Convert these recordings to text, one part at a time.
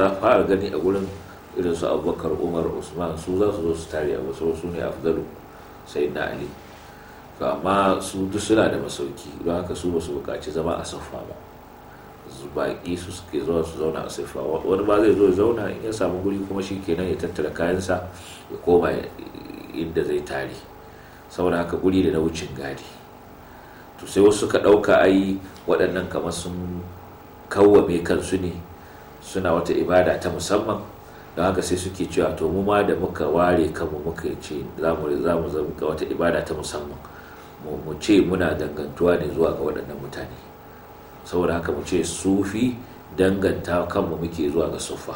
za fara gani a gurin irin su abubakar umar usman su za su zo su tari a wasu su ne afdalu sai na ali amma su duk suna da masauki don haka su ba bukaci zama a saffa ba baƙi su suke zuwa su zauna a saffa wani ba zai zo zauna in ya samu guri kuma shi kenan ya tattara kayansa ya koma inda zai tari saboda haka guri da na wucin gadi to sai wasu suka ɗauka ai waɗannan kamar sun kawwame kansu ne suna wata ibada ta musamman don haka sai suke cewa to mu ma da muka ware kanmu muka ce za mu zama wata ibada ta musamman mu ce muna dangantuwa ne zuwa ga waɗannan mutane saboda haka mu ce sufi danganta kanmu muke zuwa ga sufa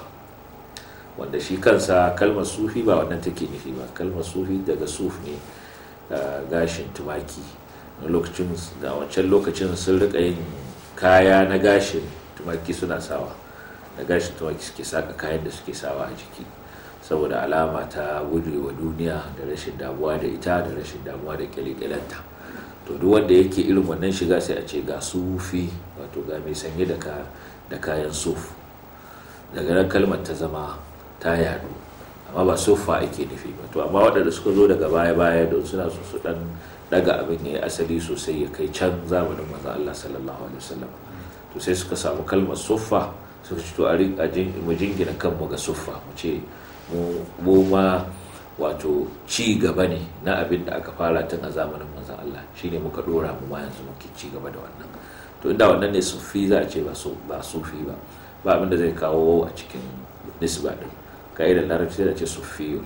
wanda shi kansa kalmar sufi ba wannan take nufi ba kalmar sufi daga suf ne gashin tumaki lokacin wancan lokacin sun rika yin kaya na gashin tumaki suna sawa da gashin tumaki suke saka kayan da suke sawa a jiki saboda alama ta wa duniya da rashin damuwa da ita da rashin damuwa da kyalikyalanta to duk wanda yake irin wannan shiga sai a ce ga sufi wato ga mai sanye da kayan suf daga nan kalmar ta zama ta yadu amma ba sufa ake nufi ba to amma waɗanda suka zo daga baya baya don suna so su dan daga abin ya asali sosai ya kai can zamanin manzo Allah sallallahu alaihi wasallam to sai suka samu kalmar sufa su a mu jingina kanmu ga suffa mu ce mu ma wato ci gaba ne na abin da aka fara tun a zamanin manzon Allah shine muka dora mu ma yanzu muke ci gaba da wannan to inda wannan ne sufi za a ce ba sufi ba ba abin da zai kawo a cikin nisba din da larabci da ce sufi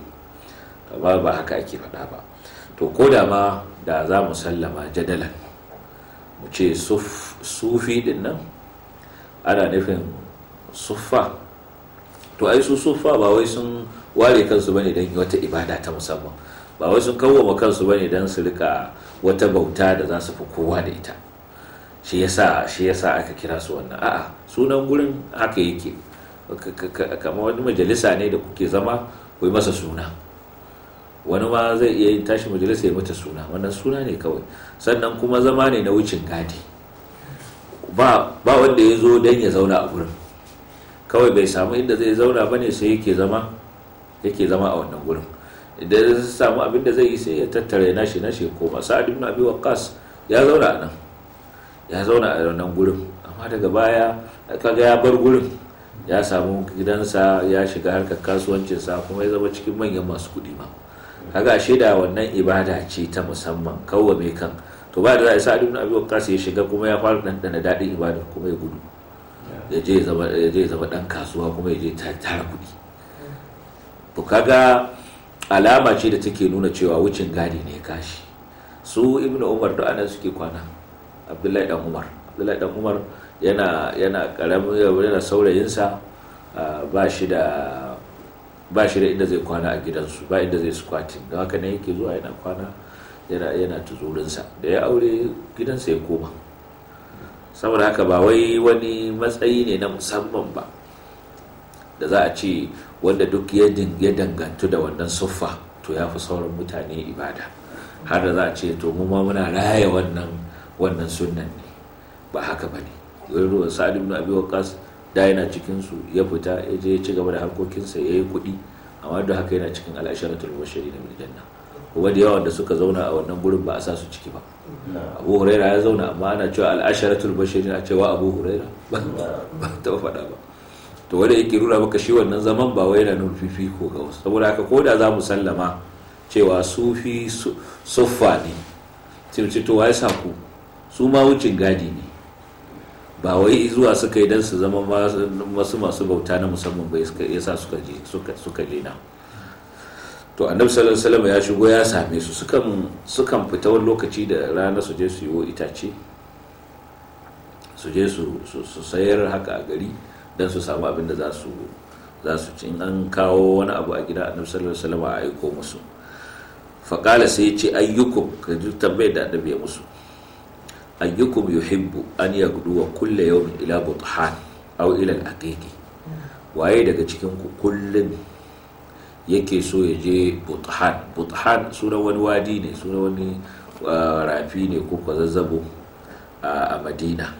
amma ba haka ake faɗa ba to ko da ma da za mu sallama jadalan mu ce sufi din nan ana nufin suffa to ai su suffa ba wai sun ware kansu bane don wata ibada ta musamman ba wai sun kawo ma kansu bane don su rika wata bauta da za su fi kowa da ita shi yasa shi yasa aka kira su wannan a'a sunan gurin haka yake kamar wani majalisa ne da kuke zama ku masa suna wani ma zai iya tashi majalisa ya mata suna wannan suna ne kawai sannan kuma zama ne na wucin gadi ba wanda ya zo don ya zauna a gurin kawai bai samu inda zai zauna bane sai yake zama yake zama a wannan gurin idan zai samu abin da zai yi sai ya tattare nashi nashi koma sa'ad ibn abi waqqas ya zauna a nan ya zauna a wannan gurin amma daga baya kaga ya bar gurin ya samu gidansa ya shiga harkar kasuwancinsa kuma ya zama cikin manyan masu kuɗi ma kaga da wannan ibada ce ta musamman mai kan to ba da za a sa ibn abi waqqas ya shiga kuma ya fara dandana daɗin ibada kuma ya gudu ya je zama ya zama dan kasuwa kuma ya je tara kuɗi Bukaga kaga alama ce da take nuna cewa wucin gadi ne kashi su ibnu umar da anan suke kwana abdullahi dan umar abdullahi dan umar yana yana karamin yana saurayinsa ba shi da ba shi da inda zai kwana a gidansu ba inda zai sukwati da haka ne yake zuwa yana kwana yana yana tuzurinsa da ya aure gidansa ya koma saboda haka ba wai wani matsayi ne na musamman ba da za a ce wanda duk ya dangantu da wannan suffa to ya fi sauran mutane ibada har da za a ce to mu ma muna raya wannan wannan sunnan ne ba haka ba ne wani ruwan sa'ad ibn abi waqas da yana cikin su ya fita ya je ya ci gaba da harkokinsa ya yi kuɗi amma duk haka yana cikin al'asharatul bashari na biljanna kuma da yawan da suka zauna a wannan gurin ba a sa su ciki ba abu huraira ya zauna amma ana cewa al'asharatul bashir na cewa abu huraira ba ta faɗa ba to wanda yake nuna maka shi wannan zaman ba wai yana nufi fi ko ga wasu saboda haka ko da za mu sallama cewa sufi suffa ne sai to wai saku su ma wucin gadi ne ba wai zuwa suka yi dan su zama masu masu bauta na musamman ba ya sa suka je na to annabi sallallahu alaihi ya shigo ya same su sukan sukan fita wani lokaci da rana su je su yi itace su je su sayar haka a gari don su samu abin da za su za su ci an kawo wani abu a gida annabi sallallahu alaihi wasallam a aiko musu faƙala sai ce ayyukum ka ji tambayar da annabi ya musu ayyukum yuhibbu an wa kulle yawmin ila buthan aw ila al waye daga cikin ku kullum yake so ya je buthan buthan sunan wani wadi ne sunan wani uh, rafi ne ko kwazazzabo uh, a madina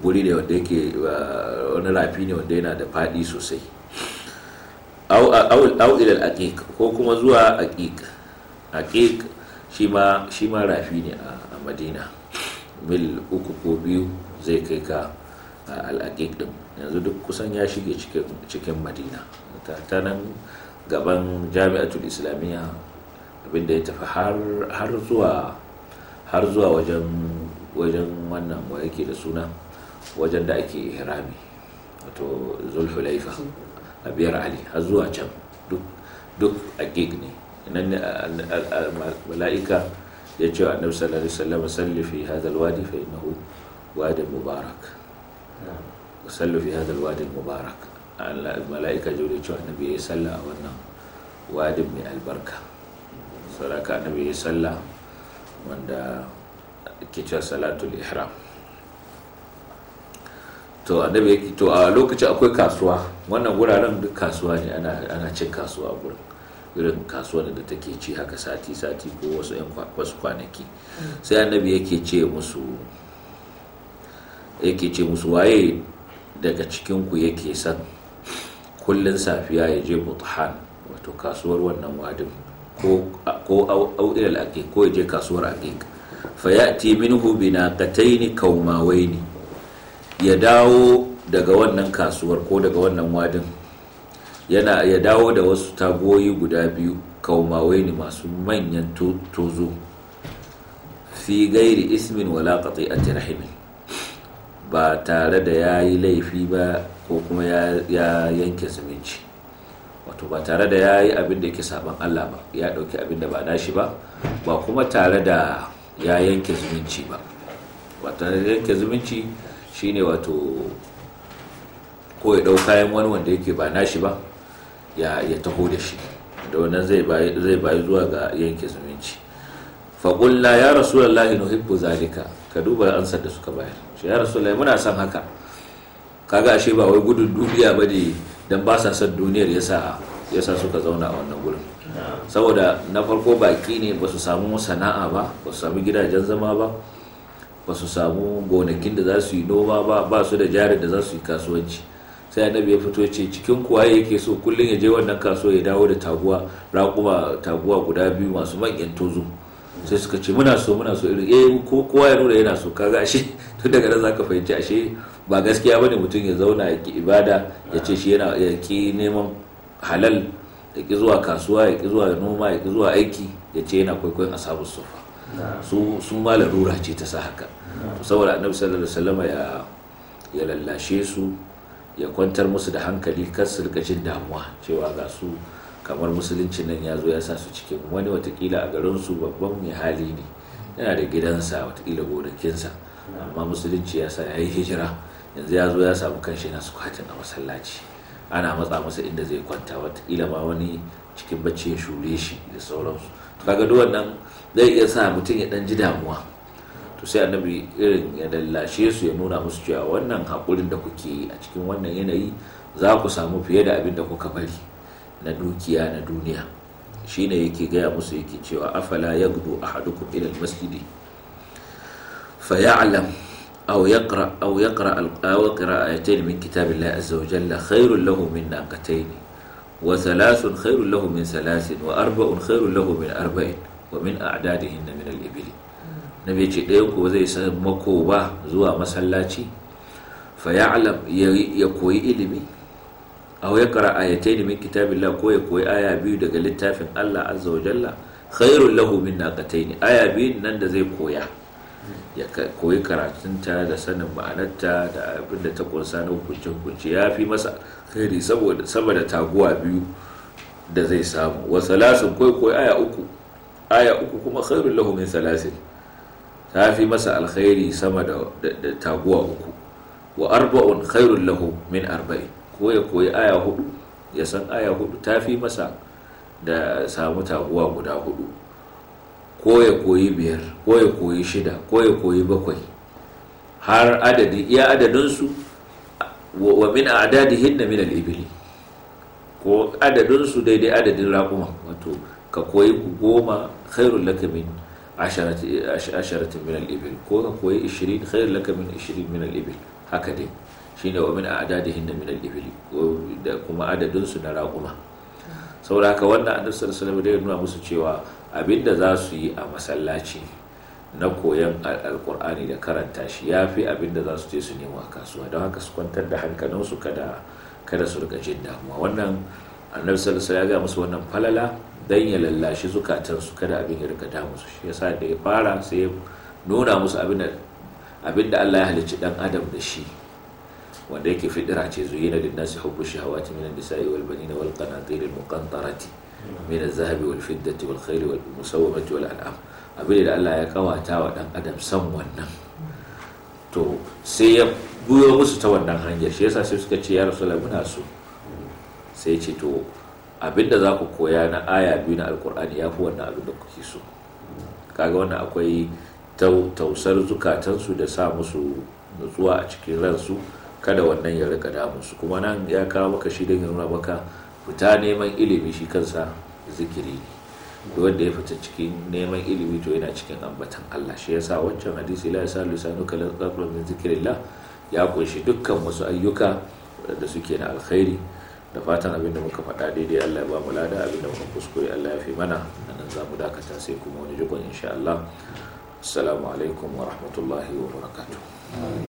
guri ne wanda yake uh, wani rafi ne wanda yana da fadi sosai au ilal aqiq ko kuma zuwa aqiq aqiq shi ma rafi ne a madina mil uku ko biyu zai kai ka al'aqiq din yanzu duk kusan ya shige cikin madina ta nan gaban jami'atul islamiyya abinda ya tafi har zuwa har zuwa wajen wajen wannan wa yake da suna wajen da ake hirami wato zulhulaifa a biyar ali har zuwa can duk a gig ne nan ne mala'ika ya ce wa annabi sallallahu alaihi wasallam salli fi hadha alwadi fa innahu wadi mubarak salli fi hadha alwadi mubarak mala'ika jibril cewa annabi ya sallah a wannan wadin mai albarka sadaka annabi ya sallah wanda ke cewa salatul ihram to annabi to a lokacin akwai kasuwa wannan wuraren duk kasuwa ne ana cin kasuwa a gurin irin kasuwar da take ci haka sati-sati ko wasu 'yan wasu kwanaki sai annabi yake ce musu yake ce musu waye daga cikinku yake son kullun safiya ya je buthan wato kasuwar wannan wadin ko au ake ko ya je kasuwar aqiq fa ya'ti minhu ni kaumawai kaumawaini ya dawo daga wannan kasuwar ko daga wannan wadin yana ya dawo da wasu tagoyi guda biyu ne masu manyan tozo fi gairi ismin wala qati'ati rahimin ba tare da yayi laifi ba ko kuma ya yanke zumunci wato ba tare da ya yi abin da yake saban Allah ba ya ɗauki abin da ba nashi ba ba kuma tare da ya yanke zumunci ba wato yanke zumunci shine wato ko ya ɗau kayan wani wanda yake ba nashi ba ya taho da shi da wannan zai bayi zuwa ga yanke zumunci faƙulla ya rasu lallahi nuhibbu zalika ka duba ansar da suka bayar ya rasu muna son haka kaga ashe ba wai gudun duniya ba ne don ba sa son duniyar yasa yasa suka zauna a wannan gurin saboda na farko baki ne ba su samu sana'a ba ba su samu gidajen zama ba ba su samu gonakin da za su yi noma ba ba su da jari da za su yi kasuwanci sai annabi ya fito ce cikin kuwa yake so kullum ya je wannan kasuwa ya dawo da taguwa raƙuma taguwa guda biyu masu manyan tozo sai suka ce muna so muna so irin eh ko kowa ya nuna yana so kaga ashe tun daga nan zaka fahimci ashe ba gaskiya bane mutum ya zauna ya ki ibada ya ce shi yana ya ki neman halal ya ki zuwa kasuwa ya ki zuwa noma ya ki zuwa aiki ya ce yana kwaikwayon asabu sufa su sun ma larura ce ta sa haka saboda annabi sallallahu alaihi wasallam ya ya lallashe su ya kwantar musu da hankali kar su rika jin damuwa cewa ga su kamar musulunci nan ya zo ya sa su cikin wani watakila a garin su babban mai hali ne yana da gidansa watakila gonakinsa amma musulunci ya sa ya yi hijira yanzu ya zo ya samu kanshi na sukwatin a masallaci ana matsa masa inda zai kwanta watakila ma wani cikin bacci ya shure shi da sauransu to kaga duk wannan zai iya sa mutum ya dan ji damuwa to sai annabi irin ya lallashe su ya nuna musu cewa wannan hakurin da kuke yi a cikin wannan yanayi za ku samu fiye da abin da kuka bari na dukiya na duniya shine yake gaya musu yake cewa afala yagdu ahadukum ila almasjidi faya'lam أو يقرأ أو يقرأ أو يقرأ آيتين من كتاب الله عز وجل خير له من ناقتين وثلاث خير له من ثلاث وأربع خير له من أربع ومن أعدادهن من الإبل نبي يجي ديوك وزي مكوبة زوا مسلاتي فيعلم يكوي إلمي aw yaqra ayatayn min kitabillah ko ya koyi aya biyu daga littafin Allah azza wa jalla khairul lahu min naqatayn aya biyu nan da zai koya ya koyi karatunta da sanin ma'anarta da abin ta kunsa na hukunce hukunce ya fi masa khairi sama da taguwa biyu da zai samu wa salasin koyi koyi aya uku kuma khairul lahu min salasin ta fi masa alkhairi sama da taguwa uku wa arba'un khairul lahu min arba'in ko ya koyi aya hudu ya san aya hudu ta fi masa da samu taguwa guda hudu ko ya koyi biyar ko ya koyi shida ko ya koyi bakwai har adadi iya adadinsu wa min adadi hinna min al'ibili ko adadinsu daidai adadin raƙuma wato ka koyi goma khairun laka min asharatin min al'ibil ko ka koyi ishirin khairun laka min ishirin min al'ibil haka dai shine wa min a'dadihin min al-ibil da kuma adadin su na raguma. saboda haka wannan annabi sallallahu alaihi wasallam nuna musu cewa abinda za su yi a masallaci na koyon alkur'ani da karanta shi ya fi abinda za su je su nemo a kasuwa don haka su kwantar da hankalinsu kada kada su rika jin damuwa wannan annabi sallallahu alaihi ya ga musu wannan falala dan ya lallashi zukatansu kada abin ya rika damu su shi yasa da ya fara sai ya nuna musu abin da Allah ya halicci dan adam da shi wanda yake fidira ce zuyina nasi hubbu shahawati minan nisa'i wal banina wal qanatir al muqantarati min al zahabi wal fiddati wal khayli wal musawwamati wal an'am abin da Allah ya kawata wa dan adam san wannan to sai ya buyo musu ta wannan hanyar shi yasa sai suka ce ya rasulullah muna so sai ce to abinda za ku koya na aya biyu na alkur'ani ya fi wannan abin da kuke so kaga wannan akwai tausar zukatansu da sa musu nutsuwa a cikin ransu kada wannan ya rika su kuma nan ya kawo maka shi don nuna maka fita neman ilimi shi kansa zikiri ne wanda ya fita cikin neman ilimi to yana cikin ambatan Allah shi yasa wancan hadisi la yasa lisanu kalan zafra min ya kunshi dukkan wasu ayyuka da suke na alkhairi da fatan abin da muka faɗa daidai Allah ya ba mu lada abin da muka kuskure Allah ya fi mana nan za mu dakata sai kuma wani jikon insha Allah assalamu alaikum wa rahmatullahi wa barakatuh